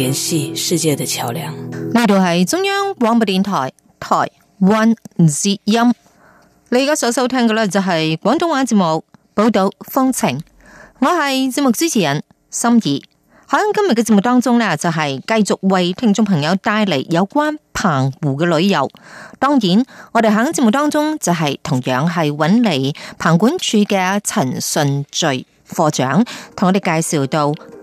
聯繫世界的橋樑。呢度係中央廣播電台台灣之音。你而家所收聽嘅咧就係廣東話節目《寶島風情》。我係節目主持人心儀。喺今日嘅節目當中呢，就係繼續為聽眾朋友帶嚟有關澎湖嘅旅遊。當然，我哋喺節目當中就係同樣係搵嚟澎管處嘅陳順序課長同我哋介紹到。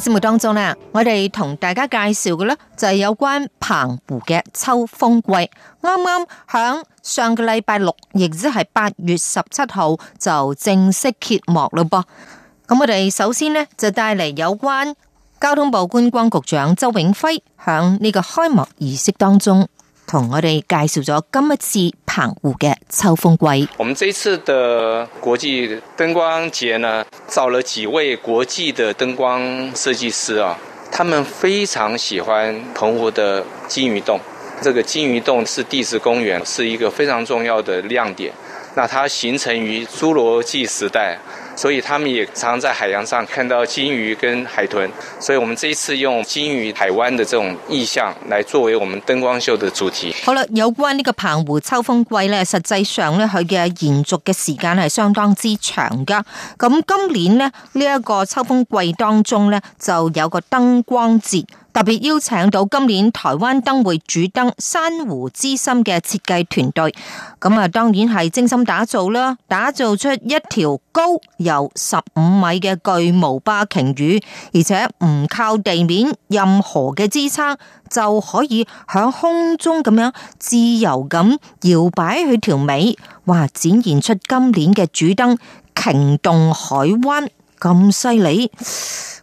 節目當中啦，我哋同大家介紹嘅，呢就係有關澎湖嘅秋風季，啱啱響上個禮拜六，亦即係八月十七號就正式揭幕啦噃。咁我哋首先呢就帶嚟有關交通部觀光局長周永輝響呢個開幕儀式當中。同我哋介紹咗今一次澎湖嘅秋風季。我們這次的國際燈光節呢，找了幾位國際的燈光設計師啊，他們非常喜歡澎湖的鯨魚洞。這個鯨魚洞是地質公園，是一個非常重要的亮點。那它形成於侏羅紀時代。所以他們也常在海洋上看到鯨魚跟海豚，所以我們這一次用鯨魚海灣的這種意象來作為我們燈光秀的主題。好啦，有關呢個澎湖秋風季咧，實際上咧佢嘅延續嘅時間係相當之長噶。咁今年呢，呢、這、一個秋風季當中咧就有個燈光節，特別邀請到今年台灣燈會主燈《珊瑚之心》嘅設計團隊，咁啊，當然係精心打造啦，打造出一條高有十五米嘅巨無霸鯨魚，而且唔靠地面任何嘅支撐，就可以喺空中咁樣自由咁搖擺佢條尾，話展現出今年嘅主燈《鯨動海灣》。咁犀利，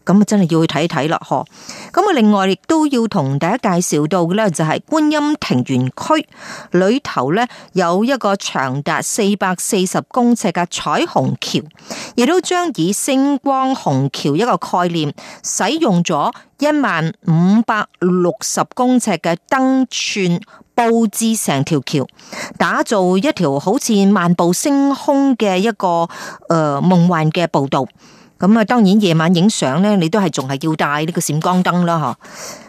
咁啊真係要去睇睇啦！嗬，咁啊另外亦都要同大家介紹到嘅呢，就係觀音亭園區裏頭呢，有一個長達四百四十公尺嘅彩虹橋，亦都將以星光虹橋一個概念，使用咗一萬五百六十公尺嘅燈串布置成條橋，打造一條好似漫步星空嘅一個誒夢幻嘅步道。咁啊，當然夜晚影相咧，你都係仲係要帶呢個閃光燈啦，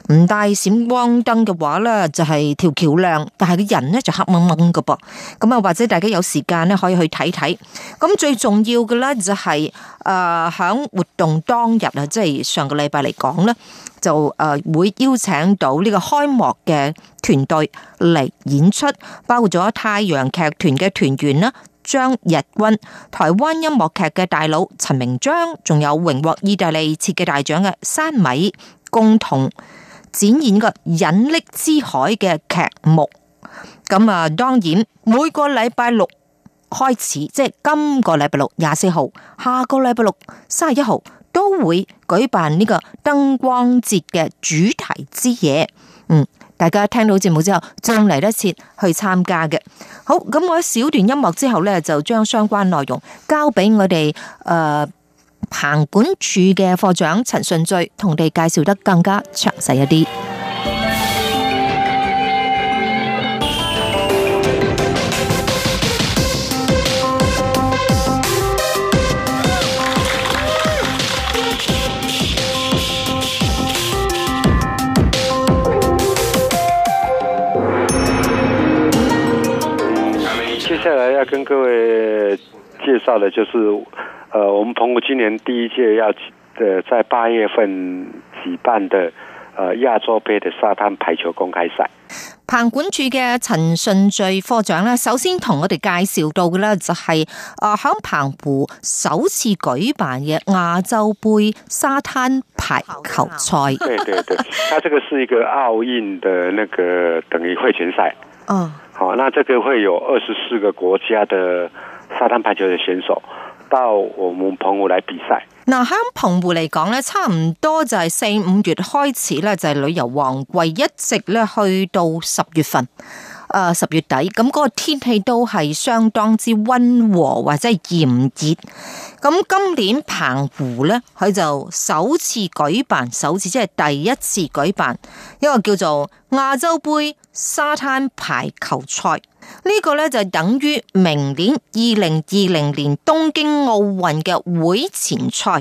吓，唔帶閃光燈嘅話咧，就係條橋亮，但係個人咧就黑蒙蒙㗎噃。咁啊，或者大家有時間咧，可以去睇睇。咁最重要嘅咧就係誒，響活動當日啊，即係上個禮拜嚟講咧，就誒會邀請到呢個開幕嘅團隊嚟演出，包括咗太陽劇團嘅團員啦將日軍、台灣音樂劇嘅大佬陳明章，仲有榮獲意大利設計大獎嘅山米，共同展現個引力之海嘅劇目。咁啊，當然每個禮拜六開始，即係今個禮拜六廿四號，下個禮拜六三十一號都會舉辦呢個燈光節嘅主題之夜。嗯。大家聽到節目之後，將嚟得切去參加嘅。好，咁我一小段音樂之後呢，就將相關內容交俾我哋誒澎管處嘅課長陳順聚，同你介紹得更加詳細一啲。要跟各位介紹的，就是，呃，我們澎湖今年第一屆要，呃，在八月份舉辦的，呃，亞洲杯的沙灘排球公開賽。澎管處嘅陳順最科長呢，首先同我哋介紹到嘅呢、就是，就、呃、係，誒，響澎湖首次舉辦嘅亞洲杯沙灘排球賽。 對對對，對，它這個是一個奧運的那個等於會前賽。嗯。 好，那這個會有二十四個國家的沙灘排球的選手到我們澎湖來比賽。嗱，喺澎湖嚟講呢，差唔多就係四五月開始咧，就係、是、旅遊旺季，一直咧去到十月份。誒十月底咁，嗰、那個天氣都係相當之溫和或者係炎熱。咁今年澎湖呢，佢就首次舉辦，首次即係第一次舉辦一個叫做亞洲杯沙灘排球賽。呢、這個呢，就等於明年二零二零年東京奧運嘅會前賽。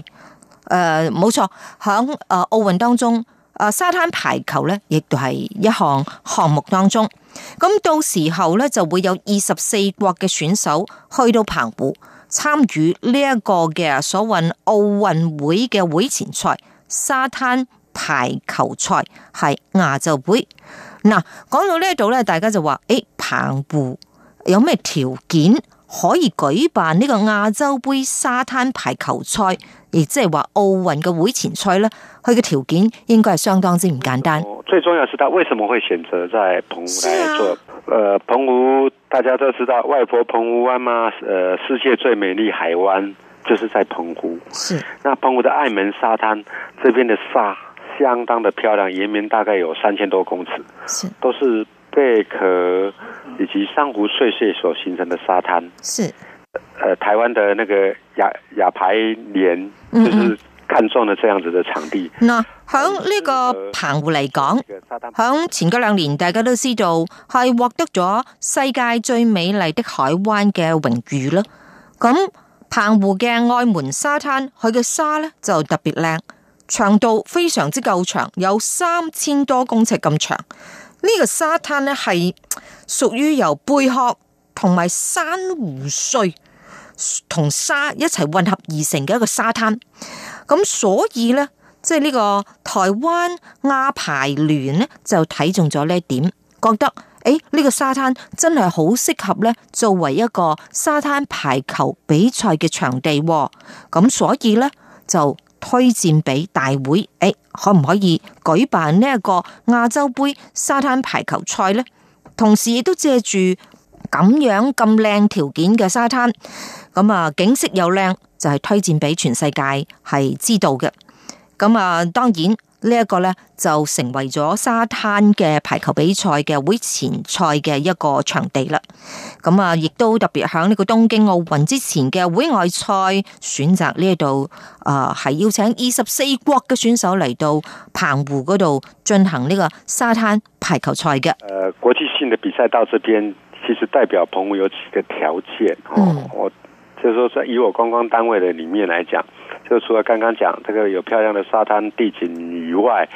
誒、呃、冇錯，響誒奧運當中，誒沙灘排球呢，亦都係一項項目當中。咁到時候咧就會有二十四國嘅選手去到澎湖參與呢一個嘅所謂奧運會嘅會前賽沙灘排球賽，係亞洲杯。嗱，講到呢度咧，大家就話誒、欸，澎湖有咩條件？可以舉辦呢個亞洲盃沙灘排球賽，亦即係話奧運嘅會前賽呢，佢嘅條件應該係相當之唔簡單。最重要係，佢為什麼會選擇在澎湖做？誒、啊呃，澎湖大家都知道，外婆澎湖灣嘛，誒、呃，世界最美麗海灣就是在澎湖。是，那澎湖的隘門沙灘，這邊的沙相當的漂亮，延綿大概有三千多公尺，是，都是。貝殼以及珊瑚碎碎所形成的沙灘，是，呃、台灣的那個亞亞排連，就是看中了這樣子的場地。嗱、嗯嗯，響呢個澎湖嚟講，響、呃、前嗰兩年，大家都知道係獲得咗世界最美麗的海灣嘅榮譽啦。咁澎湖嘅隘門沙灘，佢嘅沙呢就特別靚，長度非常之夠長，有三千多公尺咁長。呢個沙灘咧係屬於由貝殼同埋珊瑚碎同沙一齊混合而成嘅一個沙灘，咁所以呢，即係呢個台灣亞排聯呢，就睇中咗呢一點，覺得誒，呢個沙灘真係好適合呢作為一個沙灘排球比賽嘅場地，咁所以呢，就。推薦俾大會，誒、欸，可唔可以舉辦呢一個亞洲盃沙灘排球賽呢？同時亦都借住咁樣咁靚條件嘅沙灘，咁啊景色又靚，就係、是、推薦俾全世界係知道嘅。咁啊，當然呢一、這個咧就成為咗沙灘嘅排球比賽嘅會前賽嘅一個場地啦。咁啊，亦都特別響呢個東京奧運之前嘅會外賽選擇呢度啊，係、呃、邀請二十四國嘅選手嚟到澎湖嗰度進行呢個沙灘排球賽嘅。誒、呃，國際性的比賽到這邊，其實代表澎湖有幾個條件。嗯。我，就是、說在以我觀光單位嘅理念嚟講。就除了剛剛講，這個有漂亮的沙灘地景以外，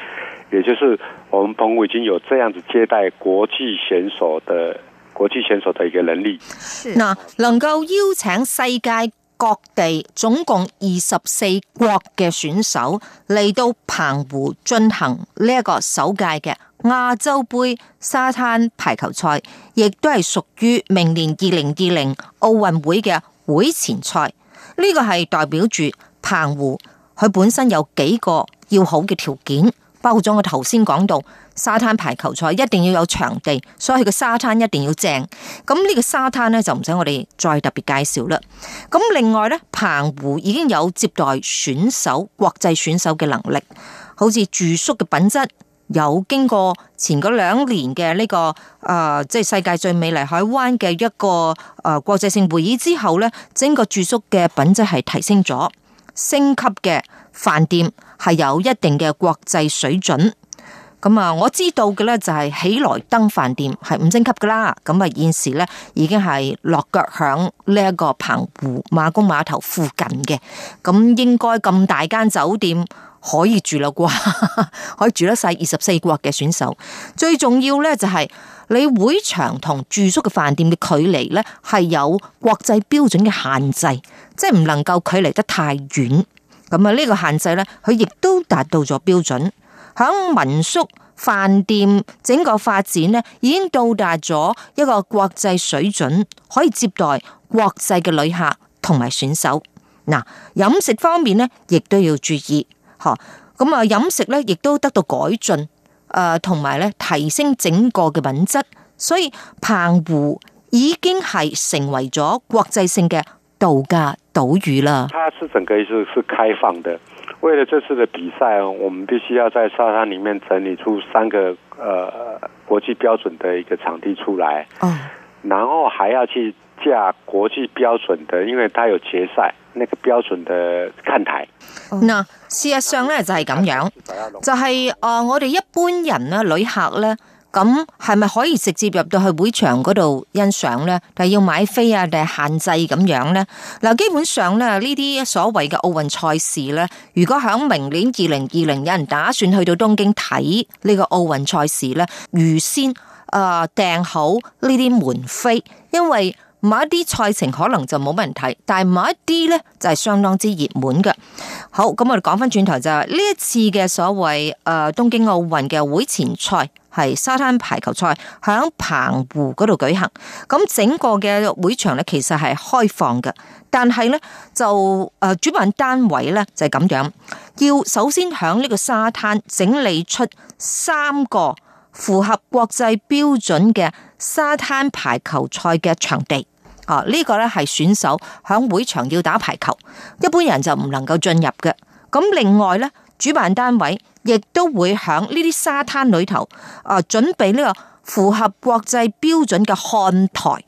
也就是我們澎湖已經有這樣子接待國際選手的國際選手的一個能力。是嗱，能夠邀請世界各地總共二十四國嘅選手嚟到澎湖進行呢一個首屆嘅亞洲盃沙灘排球賽，亦都係屬於明年二零二零奧運會嘅會前賽。呢個係代表住。澎湖佢本身有幾個要好嘅條件，包括咗我頭先講到沙灘排球賽一定要有場地，所以佢嘅沙灘一定要正。咁呢個沙灘咧就唔使我哋再特別介紹啦。咁另外咧，澎湖已經有接待選手、國際選手嘅能力，好似住宿嘅品質有經過前嗰兩年嘅呢個誒即係世界最美麗海灣嘅一個誒國際性會議之後咧，整個住宿嘅品質係提升咗。星級嘅飯店係有一定嘅國際水準，咁啊，我知道嘅咧就係喜來登飯店係五星級噶啦，咁啊現時咧已經係落腳響呢一個澎湖馬公碼頭附近嘅，咁應該咁大間酒店可以住啦啩， 可以住得曬二十四國嘅選手，最重要咧就係你會場同住宿嘅飯店嘅距離咧係有國際標準嘅限制。即係唔能夠距離得太遠，咁啊呢個限制咧，佢亦都達到咗標準。響民宿飯店整個發展咧，已經到達咗一個國際水準，可以接待國際嘅旅客同埋選手。嗱，飲食方面咧，亦都要注意，吓，咁啊飲食咧亦都得到改進，誒、呃，同埋咧提升整個嘅品質。所以澎湖已經係成為咗國際性嘅度假，島嶼啦，它是整個意思，是開放的。為了這次的比賽，我們必須要在沙灘裏面整理出三個呃國際標準的一個場地出來。哦、然後還要去架國際標準的，因為它有決賽那個標準的看台。哦呃、事實上呢，就係、是、咁樣，就係、是呃、我哋一般人呢，旅客呢。咁係咪可以直接入到去會場嗰度欣賞呢？定、係、要買飛啊？定係限制咁樣呢？嗱，基本上咧呢啲所謂嘅奧運賽事呢，如果響明年二零二零有人打算去到東京睇呢個奧運賽事呢，預先誒訂、呃、好呢啲門飛，因為。某一啲賽程可能就冇乜人睇，但係某一啲呢就係、是、相當之熱門嘅。好，咁我哋講返轉頭就係呢一次嘅所謂誒、呃、東京奧運嘅會前賽，係沙灘排球賽，喺澎湖嗰度舉行。咁整個嘅會場呢，其實係開放嘅，但係呢，就誒、呃、主辦單位呢，就係、是、咁樣，要首先喺呢個沙灘整理出三個符合國際標準嘅沙灘排球賽嘅場地。啊！呢個咧係選手響會場要打排球，一般人就唔能夠進入嘅。咁另外咧，主辦單位亦都會響呢啲沙灘裏頭啊，準備呢個符合國際標準嘅看台。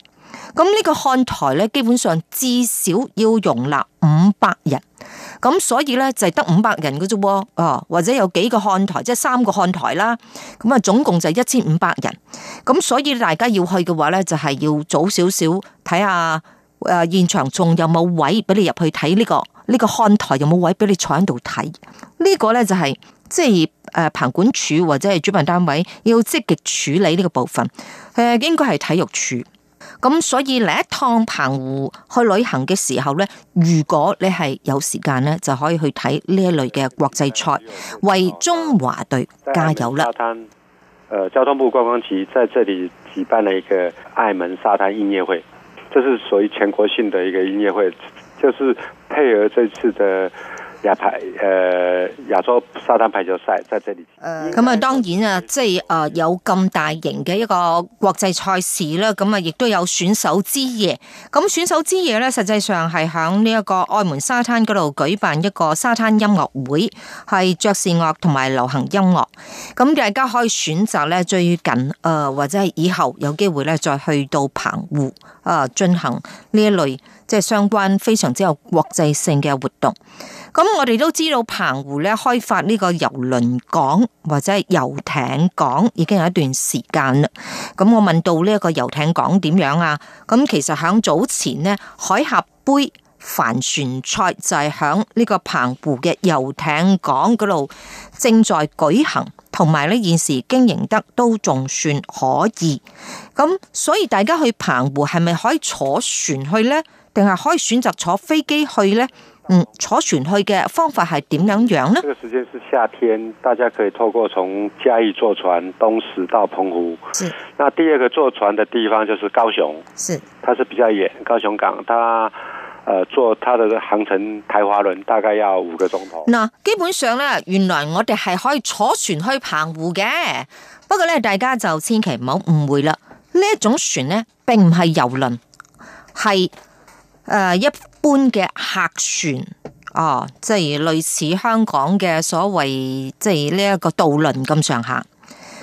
咁呢個看台咧，基本上至少要容納五百人，咁所以咧就係得五百人嘅啫，哦，或者有幾個看台，即係三個看台啦，咁啊總共就一千五百人，咁所以大家要去嘅話咧，就係要早少少睇下，誒，現場仲有冇位俾你入去睇呢個，呢個看台有冇位俾你坐喺度睇呢個咧就係即係誒，澎管處，或者係主辦單位要積極處理呢個部分，誒，應該係體育處。咁所以嚟一趟澎湖去旅行嘅時候咧，如果你係有時間咧，就可以去睇呢一類嘅國際賽，為中華隊加油啦！沙灘，誒，交通部觀光局在這裏舉辦了一個愛門沙灘音樂會，這是屬於全國性的一個音樂會，就是配合這次的。日排誒日咗沙灘排球賽，在這裏誒，咁啊、呃、當然啊，即係誒有咁大型嘅一個國際賽事啦，咁啊亦都有選手之夜。咁選手之夜咧，實際上係響呢一個愛門沙灘嗰度舉辦一個沙灘音樂會，係爵士樂同埋流行音樂，咁大家可以選擇咧最近誒、呃、或者係以後有機會咧再去到澎湖誒進、啊、行呢一類即係、就是、相關非常之有國際性嘅活動。咁我哋都知道澎湖咧，開發呢個郵輪港或者遊艇港已經有一段時間啦。咁我問到呢一個遊艇港點樣啊？咁其實響早前呢，海峽杯帆船賽就係響呢個澎湖嘅遊艇港嗰度正在舉行，同埋呢現時經營得都仲算可以。咁所以大家去澎湖係咪可以坐船去呢？定係可以選擇坐飛機去呢？嗯，坐船去嘅方法係點樣樣呢？這個時間是夏天，大家可以透過從嘉義坐船東石到澎湖。是。那第二個坐船的地方就是高雄。是。它是比較遠，高雄港，它，誒、呃，坐它的航程，台華輪大概要五個鐘頭。嗱，基本上呢，原來我哋係可以坐船去澎湖嘅。不過呢，大家就千祈唔好誤會啦。呢一種船呢，並唔係遊輪，係，誒、呃、一。般嘅客船哦、啊，即係類似香港嘅所謂，即係呢一個渡輪咁上下。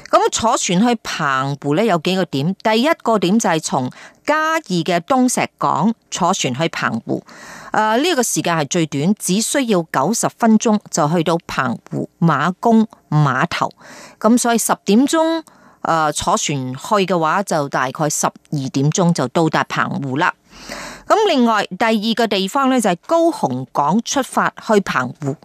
咁坐船去澎湖咧，有幾個點？第一個點就係從嘉義嘅東石港坐船去澎湖，誒、啊、呢個時間係最短，只需要九十分鐘就去到澎湖馬公碼頭。咁所以十點鐘誒、啊、坐船去嘅話，就大概十二點鐘就到達澎湖啦。咁另外第二個地方咧就係、是、高雄港出發去澎湖，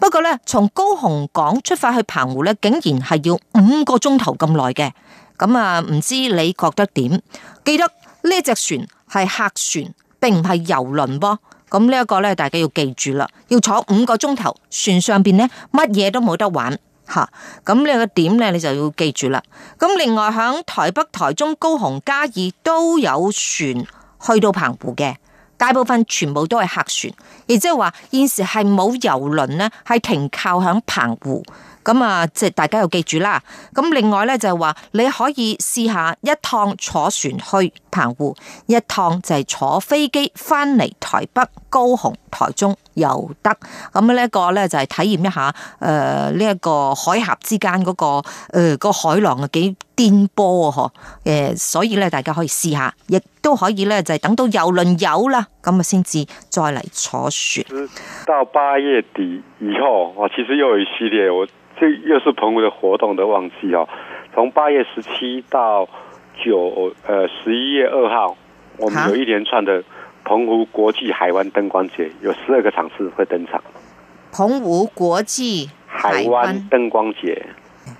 不過咧從高雄港出發去澎湖咧竟然係要五個鐘頭咁耐嘅，咁啊唔知你覺得點？記得呢隻船係客船，並唔係遊輪噃。咁、嗯這個、呢一個咧大家要記住啦，要坐五個鐘頭船上邊呢，乜嘢都冇得玩吓，咁呢、嗯那個點咧你就要記住啦。咁、嗯、另外響台北、台中、高雄、嘉義都有船。去到澎湖嘅大部分全部都係客船，亦即係話現時係冇遊輪呢係停靠響澎湖。咁啊，即係大家要記住啦。咁另外咧就係話，你可以試下一趟坐船去澎湖，一趟就係坐飛機翻嚟台北、高雄、台中。遊得咁呢一個咧，就係體驗一下誒呢一個海峽之間嗰、那個誒、呃那個海浪啊幾顛簸嗬！誒、呃，所以咧大家可以試下，亦都可以咧就係、是、等到輪遊輪有啦，咁啊先至再嚟坐船。到八月底以後，我其實又有一系列，我這又是澎湖嘅活動的旺季哦。從八月十七到九誒十一月二號，我們有一連串的。啊澎湖國際海灣燈光節有十二個場次會登場。澎湖國際海灣，海灣燈光節，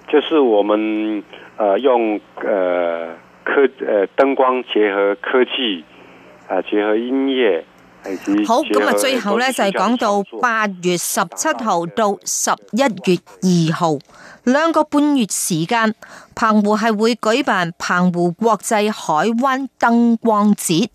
就是我們，呃，用，呃，科，呃，燈光結合科技，啊、呃，結合音樂。好，咁啊，最後咧就係講到八月十七號到十一月二號兩個半月時間，澎湖係會舉辦澎湖國際海灣燈光節。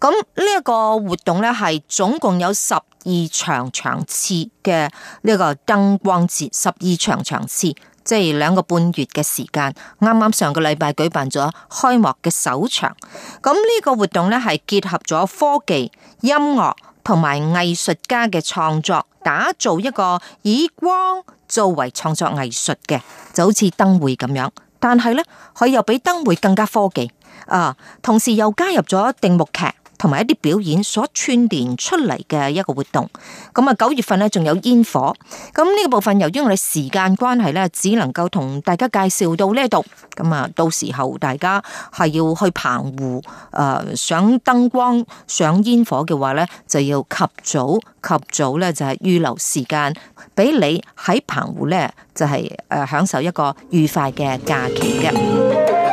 咁呢一個活動咧係總共有十二場場次嘅呢個燈光節，十二場場次。即係兩個半月嘅時間，啱啱上個禮拜舉辦咗開幕嘅首場。咁呢個活動咧係結合咗科技、音樂同埋藝術家嘅創作，打造一個以光作為創作藝術嘅，就好似燈會咁樣。但係咧，佢又比燈會更加科技啊，同時又加入咗定目劇。同埋一啲表演所串連出嚟嘅一個活動，咁啊九月份咧仲有煙火，咁呢個部分由於我哋時間關係咧，只能夠同大家介紹到呢度，咁啊到時候大家係要去澎湖誒賞燈光、賞煙火嘅話咧，就要及早及早咧就係預留時間，俾你喺澎湖咧就係誒享受一個愉快嘅假期嘅。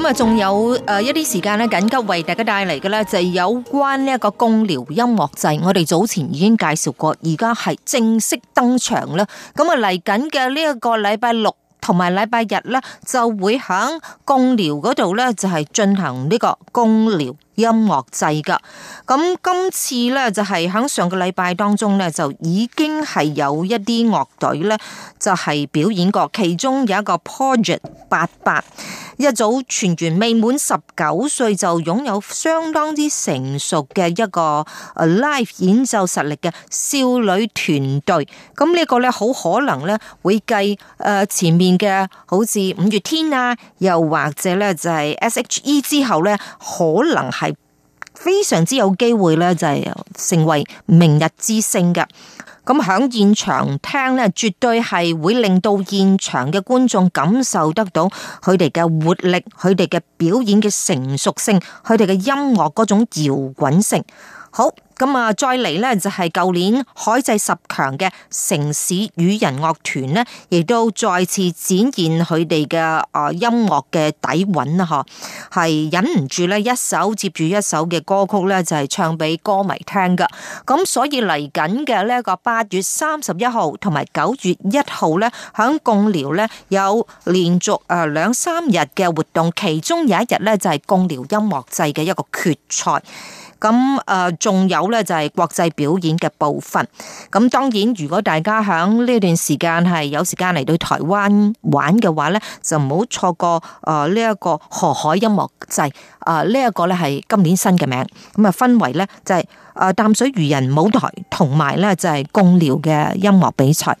咁啊，仲有誒一啲時間咧，緊急為大家帶嚟嘅咧，就係有關呢一個公聊音樂祭。我哋早前已經介紹過，而家係正式登場啦。咁啊，嚟緊嘅呢一個禮拜六同埋禮拜日咧，就會響公聊嗰度咧，就係進行呢個公聊。音樂製噶，咁今次咧就係、是、響上個禮拜當中咧就已經係有一啲樂隊咧就係、是、表演過，其中有一個 Project 八八，一組全員未滿十九歲就擁有相當之成熟嘅一個誒 live 演奏實力嘅少女團隊，咁呢個咧好可能咧會繼誒前面嘅好似五月天啊，又或者咧就係、是、S.H.E 之後咧可能係。非常之有機會咧，就係成為明日之星㗎。咁響現場聽咧，絕對係會令到現場嘅觀眾感受得到佢哋嘅活力，佢哋嘅表演嘅成熟性，佢哋嘅音樂嗰種搖滾性。好，咁啊，再嚟呢就係、是、舊年海祭十強嘅城市語人樂團呢，亦都再次展現佢哋嘅啊音樂嘅底蘊啦，嗬，係忍唔住呢一首接住一首嘅歌曲呢，就係、是、唱俾歌迷聽噶。咁所以嚟緊嘅呢個八月三十一號同埋九月一號呢，響貢寮呢有連續誒兩三日嘅活動，其中有一日呢，就係、是、貢寮音樂祭嘅一個決賽。咁誒，仲有咧就係國際表演嘅部分。咁當然，如果大家喺呢段時間係有時間嚟到台灣玩嘅話咧，就唔好錯過誒呢一個河海音樂季。誒呢一個咧係今年新嘅名。咁啊，分為咧就係誒淡水漁人舞台同埋咧就係貢寮嘅音樂比賽。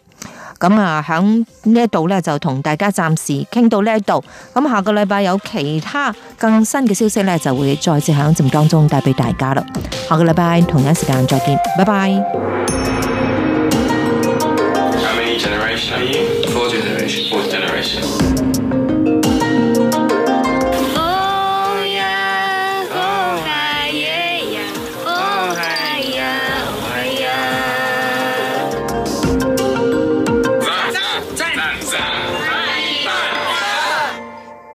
咁啊，喺呢一度咧，就同大家暫時傾到呢一度。咁下個禮拜有其他更新嘅消息咧，就會再次喺節目當中帶俾大家啦。下個禮拜同一時間再見，拜拜。